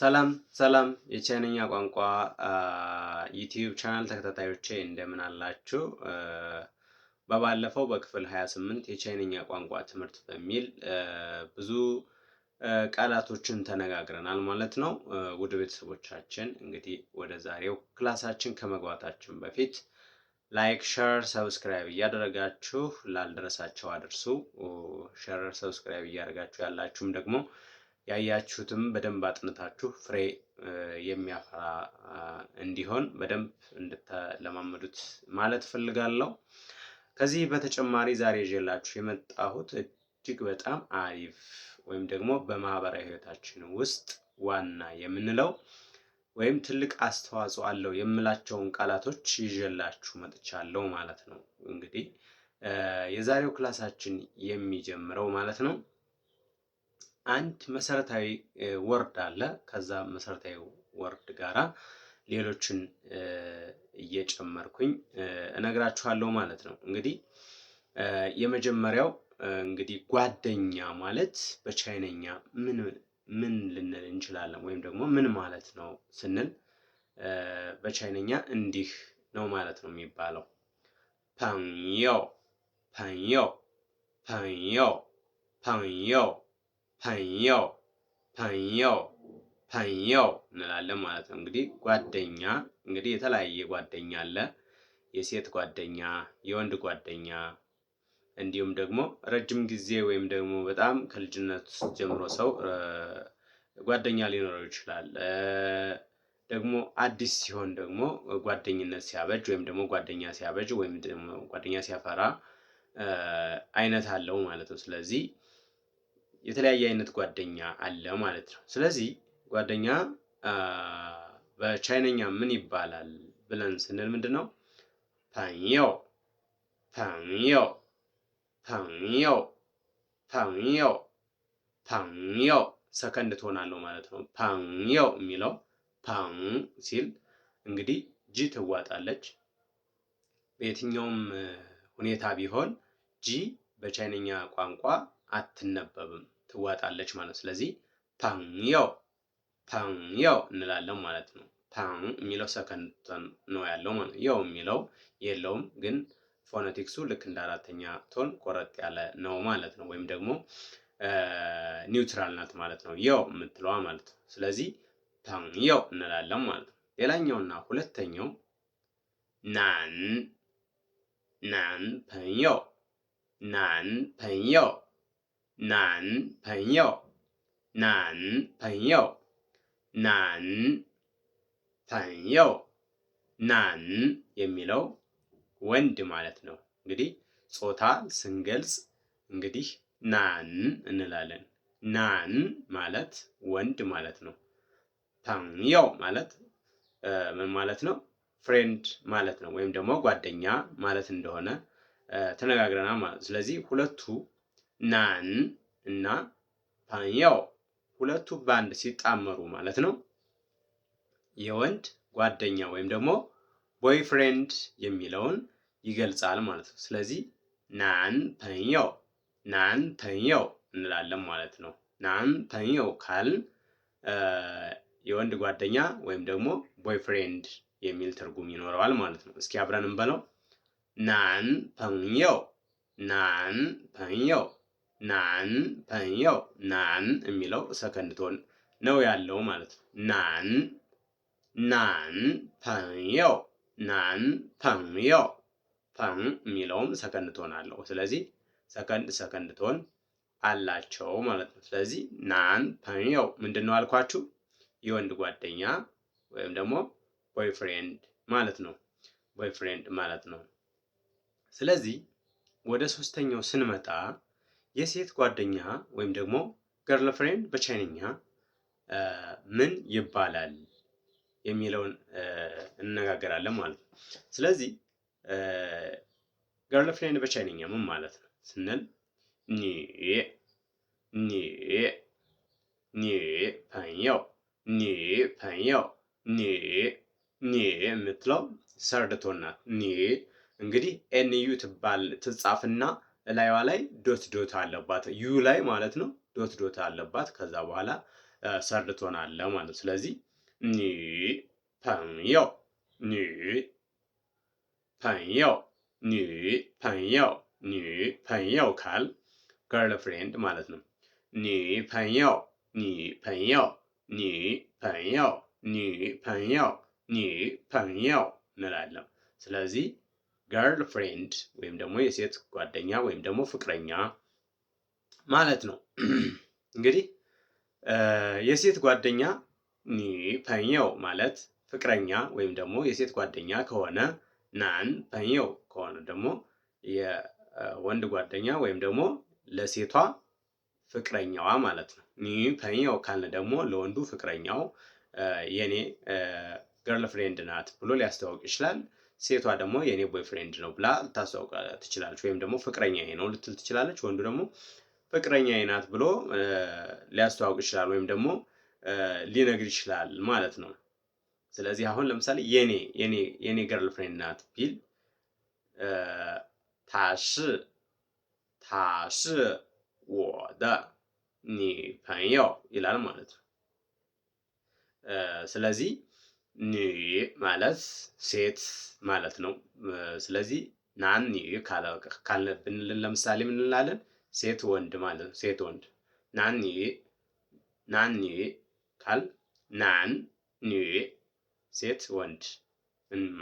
ሰላም ሰላም የቻይነኛ ቋንቋ ዩቲዩብ ቻናል ተከታታዮቼ እንደምን አላችሁ? በባለፈው በክፍል 28 የቻይነኛ ቋንቋ ትምህርት በሚል ብዙ ቃላቶችን ተነጋግረናል ማለት ነው። ውድ ቤተሰቦቻችን እንግዲህ ወደ ዛሬው ክላሳችን ከመግባታችን በፊት ላይክ፣ ሸር፣ ሰብስክራይብ እያደረጋችሁ ላልደረሳቸው አድርሱ። ሸር፣ ሰብስክራይብ እያደረጋችሁ ያላችሁም ደግሞ ያያችሁትም በደንብ አጥንታችሁ ፍሬ የሚያፈራ እንዲሆን በደንብ እንድትለማመዱት ማለት ፈልጋለሁ። ከዚህ በተጨማሪ ዛሬ ይዤላችሁ የመጣሁት እጅግ በጣም አሪፍ ወይም ደግሞ በማህበራዊ ህይወታችን ውስጥ ዋና የምንለው ወይም ትልቅ አስተዋጽኦ አለው የምላቸውን ቃላቶች ይዤላችሁ መጥቻለሁ ማለት ነው። እንግዲህ የዛሬው ክላሳችን የሚጀምረው ማለት ነው አንድ መሰረታዊ ወርድ አለ። ከዛ መሰረታዊ ወርድ ጋራ ሌሎችን እየጨመርኩኝ እነግራችኋለሁ ማለት ነው። እንግዲህ የመጀመሪያው እንግዲህ ጓደኛ ማለት በቻይነኛ ምን ምን ልንል እንችላለን? ወይም ደግሞ ምን ማለት ነው ስንል በቻይነኛ እንዲህ ነው ማለት ነው የሚባለው ፐንየው ፐንየው ፐንየው ፐንየው ፐንየው ፐንየው ፐንየው እንላለን ማለት ነው። እንግዲህ ጓደኛ እንግዲህ የተለያየ ጓደኛ አለ። የሴት ጓደኛ፣ የወንድ ጓደኛ እንዲሁም ደግሞ ረጅም ጊዜ ወይም ደግሞ በጣም ከልጅነት ጀምሮ ሰው ጓደኛ ሊኖረው ይችላል። ደግሞ አዲስ ሲሆን ደግሞ ጓደኝነት ሲያበጅ ወይም ደግሞ ጓደኛ ሲያበጅ ወይም ደግሞ ጓደኛ ሲያፈራ አይነት አለው ማለት ነው። ስለዚህ የተለያየ አይነት ጓደኛ አለ ማለት ነው። ስለዚህ ጓደኛ በቻይነኛ ምን ይባላል ብለን ስንል ምንድን ነው? ፐንዮ ፐንዮ ፐንዮ ፐንዮ ፐንዮ ሰከንድ ትሆናለሁ ማለት ነው። ፐንዮ የሚለው ፐን ሲል እንግዲህ ጂ ትዋጣለች። በየትኛውም ሁኔታ ቢሆን ጂ በቻይነኛ ቋንቋ አትነበብም ትዋጣለች ማለት ስለዚህ ፓንያው ፓንያው እንላለን ማለት ነው። ፓን የሚለው ሰከንድ ነው ያለው ማለት ነው። ያው የሚለው የለውም ግን ፎነቲክሱ ልክ እንደ አራተኛ ቶን ቆረጥ ያለ ነው ማለት ነው። ወይም ደግሞ ኒውትራል ናት ማለት ነው። ያው የምትለዋ ማለት ነው። ስለዚህ ፓንያው እንላለን ማለት ነው። ሌላኛውና ሁለተኛው ናን ናን ፐንያው ናን ፐንያው 男朋友，男朋友，男朋友 ናን የሚለው ወንድ ማለት ነው። እንግዲህ ጾታ ስንገልጽ እንግዲህ ናን እንላለን። ናን ማለት ወንድ ማለት ነው። ፐንዮ ማለት ምን ማለት ነው? ፍሬንድ ማለት ነው፣ ወይም ደግሞ ጓደኛ ማለት እንደሆነ ተነጋግረናል ማለት ስለዚህ ሁለቱ ናን እና ፓንያው ሁለቱ በአንድ ሲጣመሩ ማለት ነው የወንድ ጓደኛ ወይም ደግሞ ቦይፍሬንድ የሚለውን ይገልጻል ማለት ነው። ስለዚህ ናን ፐንየው ናን ፐንየው እንላለን ማለት ነው። ናን ፐንየው ካልን የወንድ ጓደኛ ወይም ደግሞ ቦይፍሬንድ የሚል ትርጉም ይኖረዋል ማለት ነው። እስኪ አብረን እንበለው። ናን ፐንየው ናን ፐንየው ናን ፐንየው ናን የሚለው ሰከንድ ቶን ነው ያለው ማለት ነው። ናን ናን ፐንየው ናን ፐንየው ፐን የሚለውም ሰከንድ ቶን አለው። ስለዚህ ሰከንድ ሰከንድ ቶን አላቸው ማለት ነው። ስለዚህ ናን ፐንየው ምንድን ነው አልኳችሁ? የወንድ ጓደኛ ወይም ደግሞ ቦይፍሬንድ ማለት ነው። ቦይፍሬንድ ማለት ነው። ስለዚህ ወደ ሶስተኛው ስንመጣ የሴት ጓደኛ ወይም ደግሞ ገርል ፍሬንድ በቻይንኛ ምን ይባላል የሚለውን እነጋገራለን ማለት ነው። ስለዚህ ገርል ፍሬንድ በቻይንኛ ምን ማለት ነው ስንል ኒ ኒ ኒ ኒ ኒ ኒ የምትለው ሰርድቶናት ኒ እንግዲህ ኤንዩ ትባል ትጻፍና ላይዋ ላይ ዶት ዶት አለባት ዩ ላይ ማለት ነው። ዶት ዶት አለባት ከዛ በኋላ ሰርድ አለ ማለት ነው። ስለዚህ ኒ ፐንዮ ኒ ፐንዮ ኒ ፐንዮ ኒ ፐንዮ ካል ገርል ፍሬንድ ማለት ነው። ኒ ፐንዮ ኒ ፐንዮ ኒ ፐንዮ ኒ ፐንዮ ኒ ፐንዮ እንላለን። ስለዚህ ገርል ፍሬንድ ወይም ደግሞ የሴት ጓደኛ ወይም ደግሞ ፍቅረኛ ማለት ነው። እንግዲህ የሴት ጓደኛ ፐኘው ማለት ፍቅረኛ ወይም ደግሞ የሴት ጓደኛ ከሆነ ናን ፐኘው ከሆነ ደግሞ የወንድ ጓደኛ ወይም ደግሞ ለሴቷ ፍቅረኛዋ ማለት ነው። ኒፐኛው ካልን ደግሞ ለወንዱ ፍቅረኛው የኔ ገርል ፍሬንድ ናት ብሎ ሊያስተዋውቅ ይችላል። ሴቷ ደግሞ የኔ ቦይፍሬንድ ነው ብላ ልታስታውቅ ትችላለች። ወይም ደግሞ ፍቅረኛዬ ነው ልትል ትችላለች። ወንዱ ደግሞ ፍቅረኛ ናት ብሎ ሊያስተዋውቅ ይችላል፣ ወይም ደግሞ ሊነግር ይችላል ማለት ነው። ስለዚህ አሁን ለምሳሌ የኔ የኔ የኔ ገርል ፍሬንድ ናት ቢል ታሽ ታሽ ወደ ኒ ፐንያው ይላል ማለት ነው። ስለዚህ ማለት ሴት ማለት ነው። ስለዚህ ናኒ ካልነብንልን ለምሳሌ ምን እንላለን? ሴት ወንድ ማለት ነው። ሴት ወንድ ናን ናኒ ካል ናን ኒ ሴት ወንድ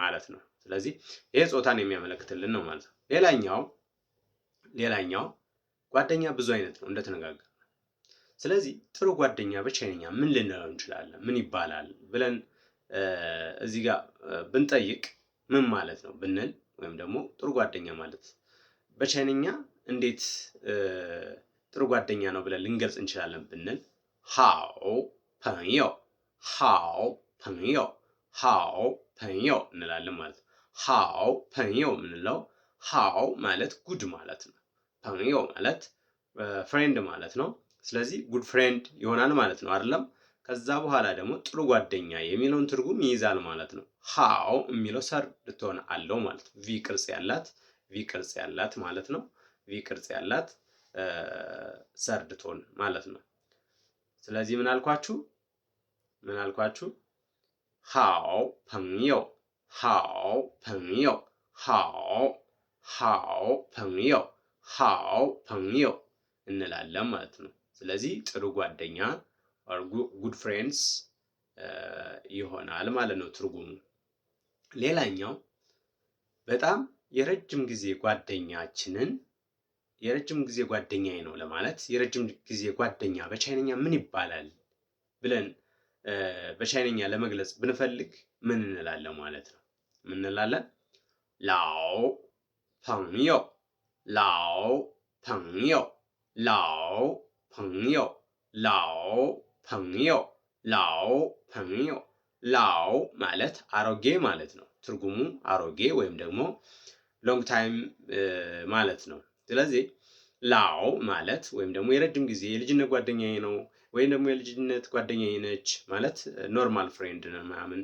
ማለት ነው። ስለዚህ ይሄ ጾታን የሚያመለክትልን ነው ማለት ነው። ሌላኛው ሌላኛው ጓደኛ ብዙ አይነት ነው እንደተነጋገር። ስለዚህ ጥሩ ጓደኛ፣ ይነኛ ምን ልንለው እንችላለን? ምን ይባላል ብለን እዚህ ጋር ብንጠይቅ ምን ማለት ነው ብንል ወይም ደግሞ ጥሩ ጓደኛ ማለት በቻይንኛ እንዴት ጥሩ ጓደኛ ነው ብለን ልንገልጽ እንችላለን ብንል ሃው ፐንዮ ሃው ፐንዮ ሃው ፐንዮ እንላለን ማለት ነው። ሃው ፐንዮ የምንለው ሃው ማለት ጉድ ማለት ነው። ፐንዮ ማለት ፍሬንድ ማለት ነው። ስለዚህ ጉድ ፍሬንድ ይሆናል ማለት ነው አይደለም። ከዛ በኋላ ደግሞ ጥሩ ጓደኛ የሚለውን ትርጉም ይይዛል ማለት ነው። ሃው የሚለው ሰርድ ትሆን አለው ማለት ነው። ቪ ቅርጽ ያላት ቪ ቅርጽ ያላት ማለት ነው። ቪ ቅርጽ ያላት ሰርድ ማለት ነው። ስለዚህ ምን አልኳችሁ? ምን አልኳችሁ? ሃው ፐንዮ ሃው ፐንዮ ሃው ሃው ፐንዮ ሃው ፐንዮ እንላለን ማለት ነው። ስለዚህ ጥሩ ጓደኛ ጉድ ፍሬንድስ uh, ይሆናል ማለት ነው ትርጉሙ። ሌላኛው በጣም የረጅም ጊዜ ጓደኛችንን የረጅም ጊዜ ጓደኛዬ ነው ለማለት የረጅም ጊዜ ጓደኛ በቻይነኛ ምን ይባላል ብለን uh, በቻይነኛ ለመግለጽ ብንፈልግ ምን እንላለን ማለት ነው? ምን እንላለን? ላው ፐንዮ ላው ፐንዮ ላው ፐንዮ ላው 朋友 ላዎ ፐንዮ ላዎ ማለት አሮጌ ማለት ነው። ትርጉሙ አሮጌ ወይም ደግሞ ሎንግ ታይም ማለት ነው። ስለዚህ ላዎ ማለት ወይም ደግሞ የረጅም ጊዜ የልጅነት ጓደኛዬ ነው ወይም ደግሞ የልጅነት ጓደኛዬ ነች ማለት ኖርማል ፍሬንድ ነው ምናምን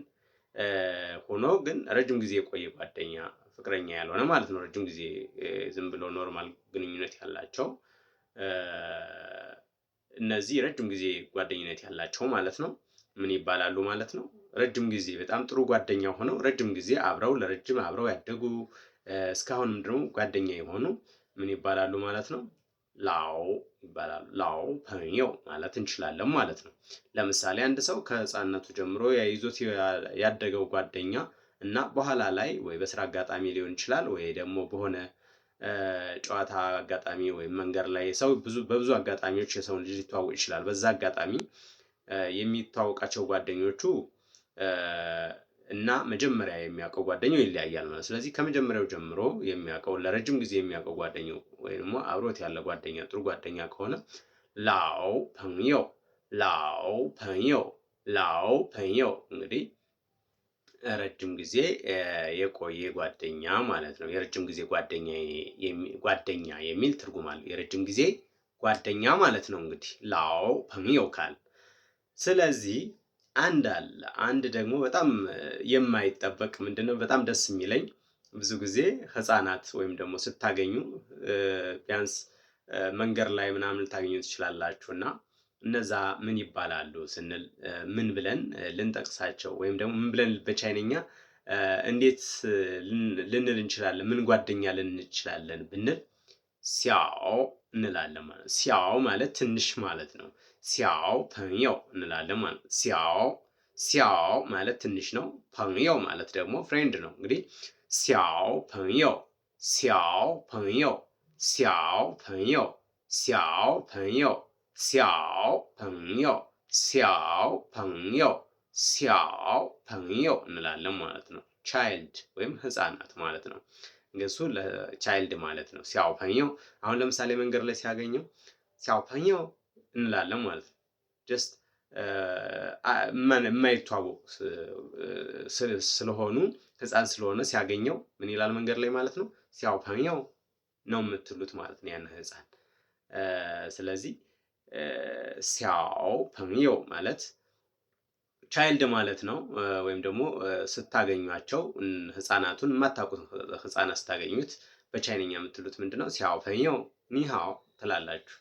ሆኖ ግን ረጅም ጊዜ የቆየ ጓደኛ ፍቅረኛ ያልሆነ ማለት ነው። ረጅም ጊዜ ዝም ብሎ ኖርማል ግንኙነት ያላቸው እነዚህ ረጅም ጊዜ ጓደኝነት ያላቸው ማለት ነው ምን ይባላሉ ማለት ነው? ረጅም ጊዜ በጣም ጥሩ ጓደኛ ሆነው ረጅም ጊዜ አብረው ለረጅም አብረው ያደጉ እስካሁንም ደግሞ ጓደኛ የሆኑ ምን ይባላሉ ማለት ነው? ላው ይባላሉ። ላው ፐኒው ማለት እንችላለን ማለት ነው። ለምሳሌ አንድ ሰው ከህፃንነቱ ጀምሮ ይዞት ያደገው ጓደኛ እና በኋላ ላይ ወይ በስራ አጋጣሚ ሊሆን ይችላል ወይ ደግሞ በሆነ ጨዋታ አጋጣሚ ወይም መንገድ ላይ ሰው በብዙ አጋጣሚዎች የሰውን ልጅ ሊተዋወቅ ይችላል። በዛ አጋጣሚ የሚተዋወቃቸው ጓደኞቹ እና መጀመሪያ የሚያውቀው ጓደኛው ይለያያል ማለት። ስለዚህ ከመጀመሪያው ጀምሮ የሚያውቀው ለረጅም ጊዜ የሚያውቀው ጓደኛው ወይም ደግሞ አብሮት ያለ ጓደኛ ጥሩ ጓደኛ ከሆነ ላው ፐንዮ ላው ፐንዮ ላው ፐንዮ እንግዲህ ረጅም ጊዜ የቆየ ጓደኛ ማለት ነው። የረጅም ጊዜ ጓደኛ የሚል ትርጉም አለው። የረጅም ጊዜ ጓደኛ ማለት ነው እንግዲህ ላዎ ፐሚዮ ካል። ስለዚህ አንድ አለ። አንድ ደግሞ በጣም የማይጠበቅ ምንድን ነው፣ በጣም ደስ የሚለኝ ብዙ ጊዜ ህፃናት ወይም ደግሞ ስታገኙ ቢያንስ መንገድ ላይ ምናምን ልታገኙ ትችላላችሁ እና እነዛ ምን ይባላሉ ስንል ምን ብለን ልንጠቅሳቸው ወይም ደግሞ ምን ብለን በቻይነኛ እንዴት ልንል እንችላለን? ምን ጓደኛ ልን እንችላለን ብንል ሲያው እንላለን ማለት ነው። ሲያው ማለት ትንሽ ማለት ነው። ሲያው ፐንየው እንላለን ማለት ነው። ሲያው ሲያው ማለት ትንሽ ነው። ፐንየው ማለት ደግሞ ፍሬንድ ነው። እንግዲህ ሲያው ፐንየው ሲያው ፐንየው ሲያው ፐንየው ሲያው ፐንየው 小朋友小朋友小朋友 እንላለን ማለት ነው። ቻይልድ ወይም ህፃናት ማለት ነው። እሱ ለቻይልድ ማለት ነው። ሲያው ፐኘው አሁን ለምሳሌ መንገድ ላይ ሲያገኘው ሲያው ፐኘው እንላለን ማለት ነው። ጀስት የማይተዋወቁ ስለሆኑ ህፃን ስለሆነ ሲያገኘው ምን ይላል መንገድ ላይ ማለት ነው። ሲያው ፐኘው ነው የምትሉት ማለት ነው ያን ህፃን ስለዚህ ሲያው ፐንዮ ማለት ቻይልድ ማለት ነው። ወይም ደግሞ ስታገኟቸው ህፃናቱን የማታውቁት ህፃናት ስታገኙት በቻይንኛ የምትሉት ምንድነው? ሲያው ፐንዮ ኒሃው ትላላችሁ።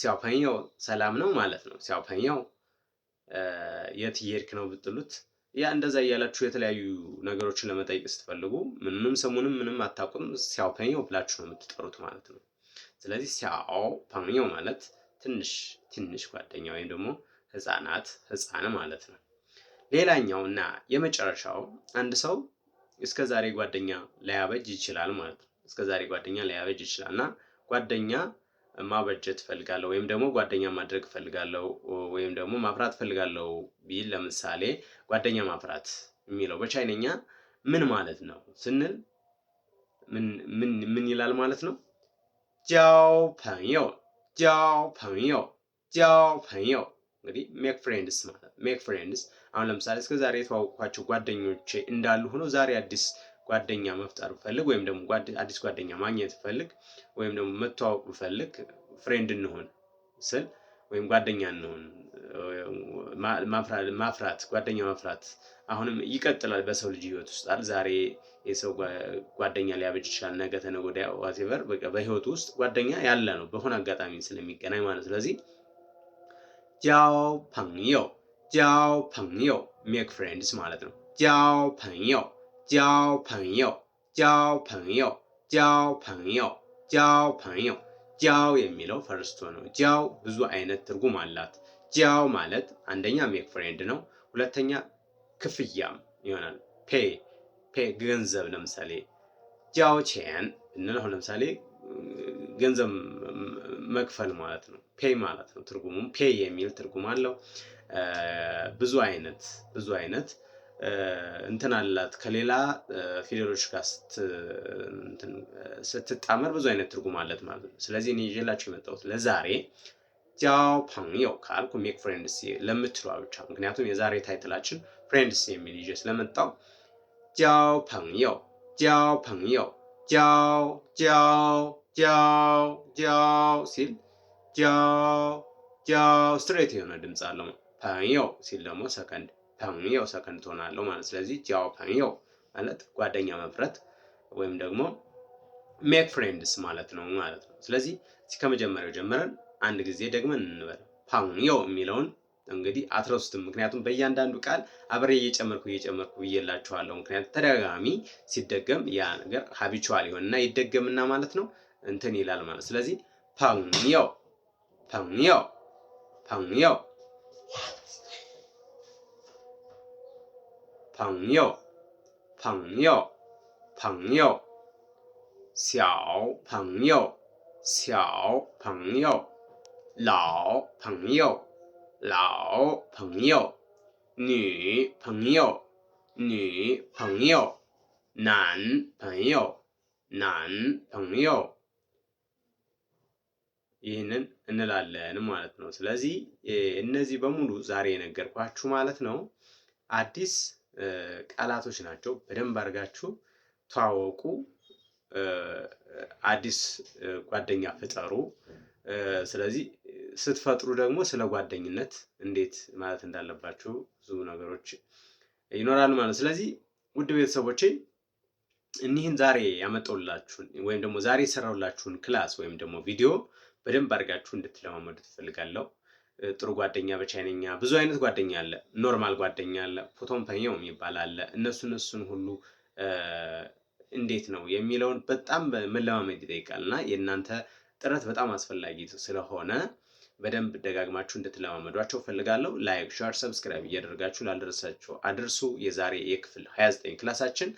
ሲያው ፐንዮ ሰላም ነው ማለት ነው። ሲያው ፐንዮ የት እየሄድክ ነው ብትሉት ያ እንደዛ እያላችሁ የተለያዩ ነገሮችን ለመጠየቅ ስትፈልጉ ምንም ስሙንም ምንም አታውቁም ሲያው ፐንዮ ብላችሁ ነው የምትጠሩት ማለት ነው። ስለዚህ ሲያው ፐንዮ ማለት ትንሽ ትንሽ ጓደኛ ወይም ደግሞ ህፃናት ህፃን ማለት ነው። ሌላኛው እና የመጨረሻው አንድ ሰው እስከ ዛሬ ጓደኛ ላያበጅ ይችላል ማለት ነው። እስከ ዛሬ ጓደኛ ላያበጅ ይችላል እና ጓደኛ ማበጀት ፈልጋለሁ ወይም ደግሞ ጓደኛ ማድረግ ፈልጋለሁ ወይም ደግሞ ማፍራት ፈልጋለሁ ቢል ለምሳሌ ጓደኛ ማፍራት የሚለው በቻይነኛ ምን ማለት ነው ስንል ምን ምን ምን ይላል ማለት ነው? ጃው ፐንየው 交朋友交朋友 እንግዲህ ሜክ ፍሬንድስ ማለት ሜክ ፍሬንድስ። አሁን ለምሳሌ እስከ ዛሬ የተዋወቅኳቸው ጓደኞቼ እንዳሉ ሆኖ ዛሬ አዲስ ጓደኛ መፍጠር ብፈልግ ወይም ደግሞ አዲስ ጓደኛ ማግኘት ብፈልግ ወይም ደግሞ መተዋወቅ ብፈልግ ፍሬንድ እንሆን ስል ወይም ጓደኛ እንሆን ማፍራት ጓደኛ ማፍራት አሁንም ይቀጥላል በሰው ልጅ ህይወት ውስጥ አል ዛሬ የሰው ጓደኛ ሊያበጅ ይችላል። ነገ ተነገ ዋቴቨር በቃ በህይወቱ ውስጥ ጓደኛ ያለ ነው በሆነ አጋጣሚ ስለሚገናኝ ማለት ስለዚህ ጃው ፐንዮ ጃው ፐንዮ ሜክ ፍሬንድስ ማለት ነው። ጃው ፐንዮ ጃው ፐንዮ ጃው ፐንዮ ጃው ፐንዮ ጃው ፐንዮ ጃው የሚለው ፈርስቶ ነው። ጃው ብዙ አይነት ትርጉም አላት። ጃው ማለት አንደኛ ሜክ ፍሬንድ ነው። ሁለተኛ ክፍያም ይሆናል። ፔ ፔ ገንዘብ ለምሳሌ ጃው ቼን እንለው። ለምሳሌ ገንዘብ መክፈል ማለት ነው። ፔ ማለት ነው ትርጉሙም ፔ የሚል ትርጉም አለው። ብዙ አይነት ብዙ አይነት እንትን አላት ከሌላ ፊደሎች ጋር ስት ስትጣመር ብዙ አይነት ትርጉም አለት ማለት ነው። ስለዚህ እኔ ይዤላችሁ የመጣሁት ለዛሬ ጃው ፓንዮ ካልኩ ሜክ ፍሬንድስ ለምትሉ ብቻ ምክንያቱም የዛሬ ታይትላችን ፍሬንድስ የሚል ይዤ ስለመጣው ጃው ፓንዮ ጃው ፓንዮ ጃው ጃው ጃው ጃው ሲል ጃው ጃው ስትሬት የሆነ ድምፅ አለው። ፓንዮ ሲል ደግሞ ሰከንድ ፓንዮ ሰከንድ ትሆናለው ማለት ስለዚህ ጃው ፓንዮ ማለት ጓደኛ መፍረት ወይም ደግሞ ሜክ ፍሬንድስ ማለት ነው ማለት ነው። ስለዚህ እዚህ ከመጀመሪያው ጀምረን አንድ ጊዜ ደግመን እንበል። ፓሙኒዮ የሚለውን እንግዲህ አትረሱትም። ምክንያቱም በእያንዳንዱ ቃል አብሬ እየጨመርኩ እየጨመርኩ ብዬላችኋለሁ። ምክንያቱም ተደጋጋሚ ሲደገም ያ ነገር ሀቢቹዋል ይሆንና ይደገምና ማለት ነው እንትን ይላል ማለት ስለዚህ ፓሙኒዮ ፓሙኒዮ ፓሙኒዮ ፓሙኒዮ ፓሙኒዮ ፓሙኒዮ 小朋友，小朋友，老朋友，老朋友，女朋友，女朋友，男朋友，男朋友。ይህንን እንላለን ማለት ነው። ስለዚህ እነዚህ በሙሉ ዛሬ የነገርኳችሁ ማለት ነው አዲስ ቃላቶች ናቸው። በደንብ አድርጋችሁ ተዋወቁ። አዲስ ጓደኛ ፍጠሩ። ስለዚህ ስትፈጥሩ ደግሞ ስለ ጓደኝነት እንዴት ማለት እንዳለባችሁ ብዙ ነገሮች ይኖራሉ ማለት ነው። ስለዚህ ውድ ቤተሰቦቼ እኒህን ዛሬ ያመጣሁላችሁን ወይም ደግሞ ዛሬ የሰራሁላችሁን ክላስ ወይም ደግሞ ቪዲዮ በደንብ አድርጋችሁ እንድትለማመዱ ትፈልጋለሁ። ጥሩ ጓደኛ፣ በቻይነኛ ብዙ አይነት ጓደኛ አለ። ኖርማል ጓደኛ አለ፣ ፖቶምፐኛው የሚባል አለ። እነሱ እነሱን ሁሉ እንዴት ነው የሚለውን በጣም መለማመድ ይጠይቃል እና የእናንተ ጥረት በጣም አስፈላጊ ስለሆነ በደንብ ደጋግማችሁ እንድትለማመዷቸው ፈልጋለሁ። ላይክ፣ ሻር፣ ሰብስክራይብ እያደረጋችሁ ላልደረሳችሁ አድርሱ። የዛሬ የክፍል 29 ክላሳችን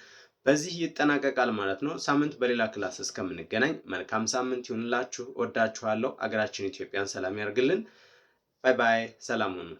በዚህ ይጠናቀቃል ማለት ነው። ሳምንት በሌላ ክላስ እስከምንገናኝ መልካም ሳምንት ይሁንላችሁ። ወዳችኋለሁ። አገራችን ኢትዮጵያን ሰላም ያርግልን። ባይ ባይ። ሰላም ሁኑ።